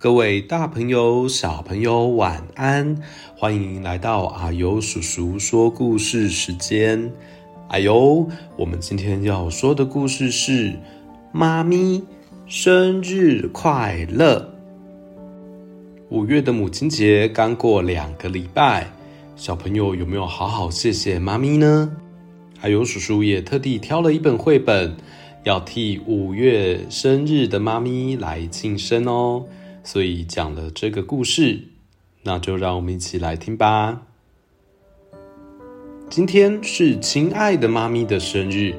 各位大朋友、小朋友，晚安！歡迎來到啊呦叔叔說故事時間。啊呦，我們今天要說的故事是《媽咪生日快樂》。五月的母親節剛過兩個禮拜，小朋友有沒有好好謝謝媽咪呢？啊呦叔叔也特地挑了一本繪本，要替五月生日的媽咪來慶生哦。所以講了這個故事，那就讓我們一起來聽吧。今天是親愛的媽咪的生日，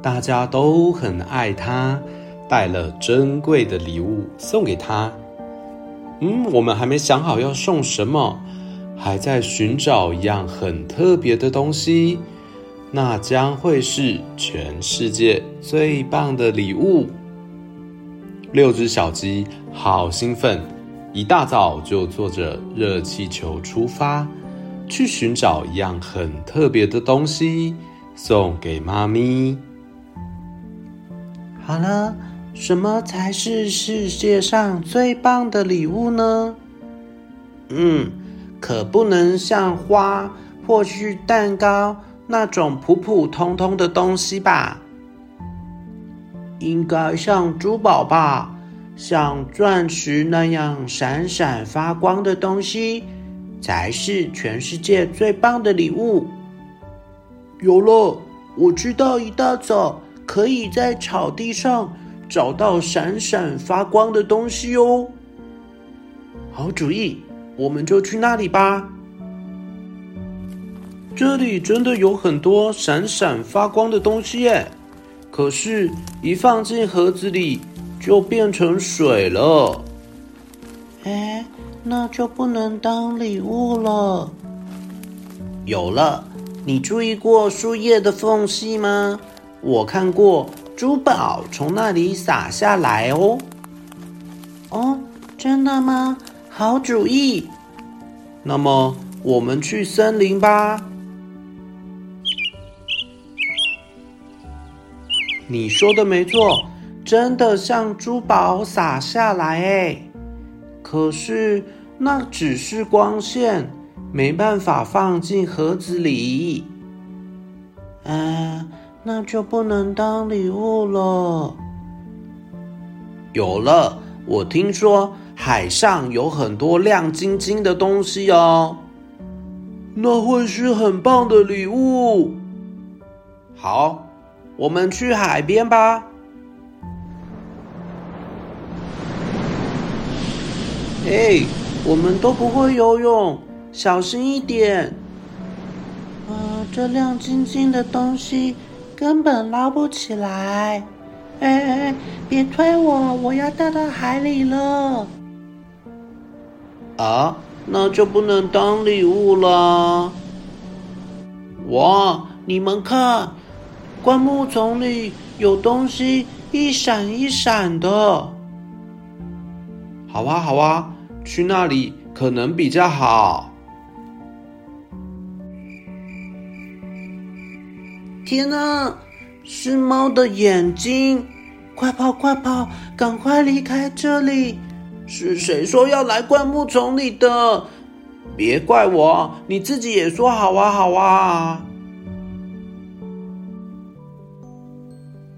大家都很愛她，帶了珍貴的禮物送給她。嗯，我們還沒想好要送什麼，還在尋找一樣很特別的東西，那將會是全世界最棒的禮物。六隻小雞好興奮，一大早就坐着熱氣球出發，去尋找一樣很特別的東西，送給媽咪。好了，什麼才是世界上最棒的禮物呢？嗯，可不能像花或是蛋糕那種普普通通的東西吧。應該像珠寶吧，像鑽石那樣閃閃發光的東西，才是全世界最棒的禮物。有了，我知道一大早可以在草地上找到閃閃發光的東西哦。好主意，我們就去那裡吧。這裡真的有很多閃閃發光的東西耶！可是，一放進盒子裡就變成水了。哎，那就不能當禮物了。有了，你注意過樹葉的縫隙嗎？我看過珠寶從那裡灑下來哦。哦，真的嗎？好主意。那麼，我們去森林吧。你說的沒錯，真的像珠寶灑下來耶，可是那只是光線，沒辦法放進盒子裡。啊，那就不能當禮物了。有了，我聽說海上有很多亮晶晶的東西哦，那會是很棒的禮物。好。我們去海邊吧。哎，我們都不會游泳，小心一點。啊，呃，這亮晶晶的東西根本撈不起來。哎哎哎，別推我，我要掉到海裡了。啊，那就不能當禮物了。哇，你們看！灌木叢裡有東西一閃一閃的。好啊好啊，去那裡可能比較好。天啊，是貓的眼睛！快跑快跑，趕快離開這裡！是誰說要來灌木叢裡的？別怪我，你自己也說好啊好啊。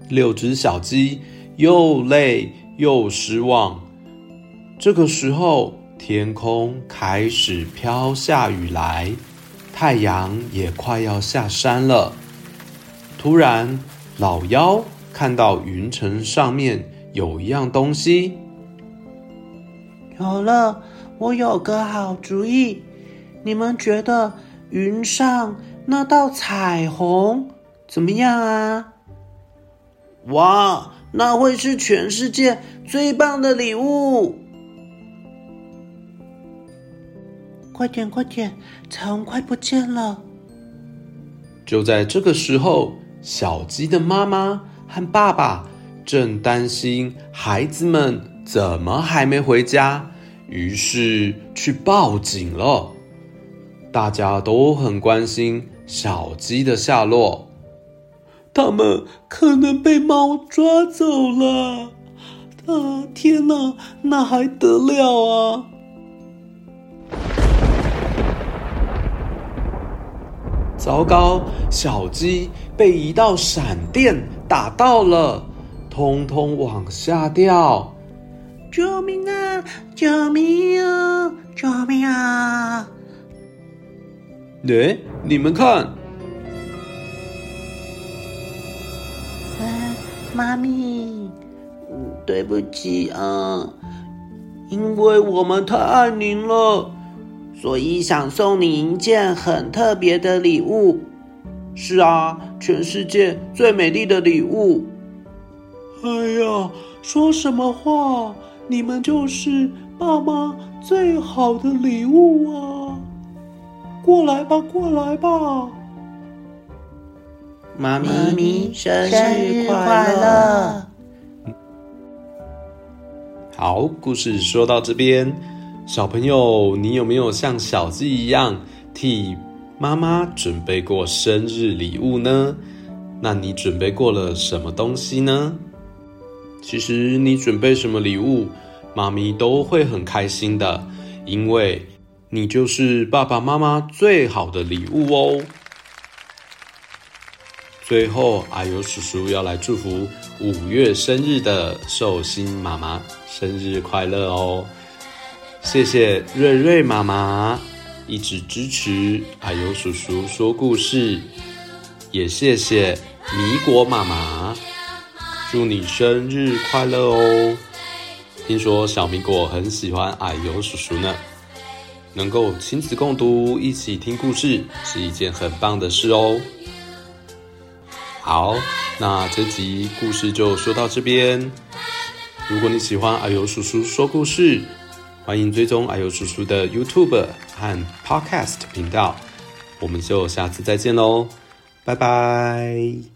六隻小雞又累又失望。這個時候，天空開始飄下雨來，太陽也快要下山了。突然，老妖看到雲層上面有一樣東西。好了，我有個好主意。你們覺得雲上那道彩虹怎麼樣啊？哇，那會是全世界最棒的禮物！快點，快點，彩虹快不見了！就在這個時候，小雞的媽媽和爸爸正擔心孩子們怎麼還沒回家，於是去報警了。大家都很關心小雞的下落。他們可能被貓抓走了，啊！天哪，啊，那還得了啊！糟糕，小雞被一道閃電打到了，通通往下掉！救命啊！救命啊！救命啊！誒、欸，你們看。媽咪，對不起啊，因為我們太愛您了，所以想送您一件很特別的禮物。是啊，全世界最美麗的禮物。哎呀，說什麼話？你們就是爸媽最好的禮物啊！過來吧，過來吧。媽，媽咪咪生，生日快樂！好，故事說到這邊，小朋友，你有沒有像小雞一樣替媽媽準備過生日禮物呢？那你準備過了什麼東西呢？其實你準備什麼禮物，媽咪都會很開心的，因為你就是爸爸媽媽最好的禮物哦。最後，啊呦叔叔要來祝福五月生日的壽星媽媽，生日快樂哦！謝謝睿睿媽媽一直支持啊呦叔叔說故事，也謝謝米果媽媽，祝你生日快樂哦！聽說小米果很喜歡啊呦叔叔呢，能夠親子共讀，一起聽故事，是一件很棒的事哦。好，那這集故事就說到這邊。如果你喜歡啊呦叔叔說故事，歡迎追蹤啊呦叔叔的 YouTube 和 Podcast 頻道。我們就下次再見嘍，拜拜。